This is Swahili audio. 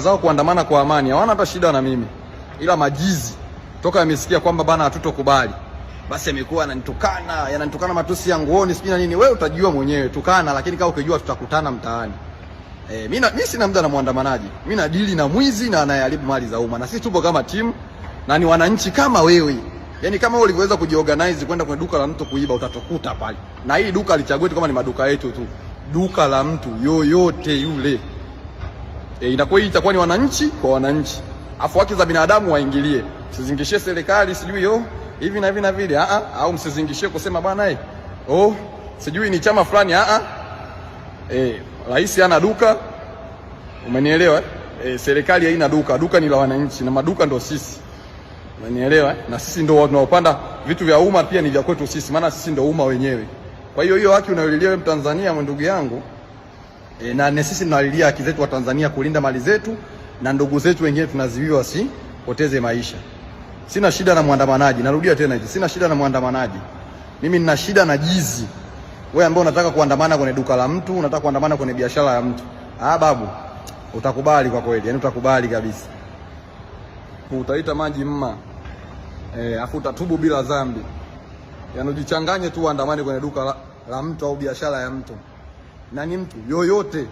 zao kuandamana kwa amani, hawana hata shida na mimi, ila majizi toka yamesikia kwamba bana, hatutokubali basi yamekuwa yananitukana, yananitukana matusi ya nguoni, sijui na nini. Wewe utajua mwenyewe tukana, lakini kama ukijua tutakutana mtaani. E, eh, mimi mimi sina muda na mwandamanaji, mimi na dili na mwizi na anayeharibu mali za umma, na sisi tupo kama timu na ni wananchi kama wewe. Yaani kama wewe ulivyoweza kujiorganize kwenda kwenye duka la mtu kuiba, utatokuta pale, na hii duka alichagua tu kama ni maduka yetu tu, duka la mtu yoyote yule e, inakuwa hii itakuwa ni wananchi kwa wananchi, afu haki za binadamu waingilie, msizingishie serikali sijui yo hivi na hivi na vile a a, au msizingishie kusema bwana eh, oh sijui ni chama fulani a a, e, rais ana duka, umenielewa eh? e, Serikali haina duka, duka ni la wananchi na maduka ndo sisi, umenielewa? Eh? Na sisi ndo tunaopanda vitu vya umma, pia ni vya kwetu sisi, maana sisi ndo umma wenyewe. Kwa hiyo hiyo haki unayolilia wewe Mtanzania, ndugu yangu e, na sisi tunalilia haki zetu wa Tanzania kulinda mali zetu na ndugu zetu wengine tunaziwiwa si poteze maisha. Sina shida na mwandamanaji, narudia tena hivi, sina shida na mwandamanaji. Mimi nina shida na jizi. Wewe ambaye unataka kuandamana kwenye duka la mtu, unataka kuandamana kwenye biashara ya mtu, ah babu, utakubali kwa kweli, yani utakubali kabisa, utaita maji mma eh, afu utatubu bila dhambi, yani ujichanganye tu uandamane kwenye duka la, la mtu au biashara ya mtu na ni mtu yoyote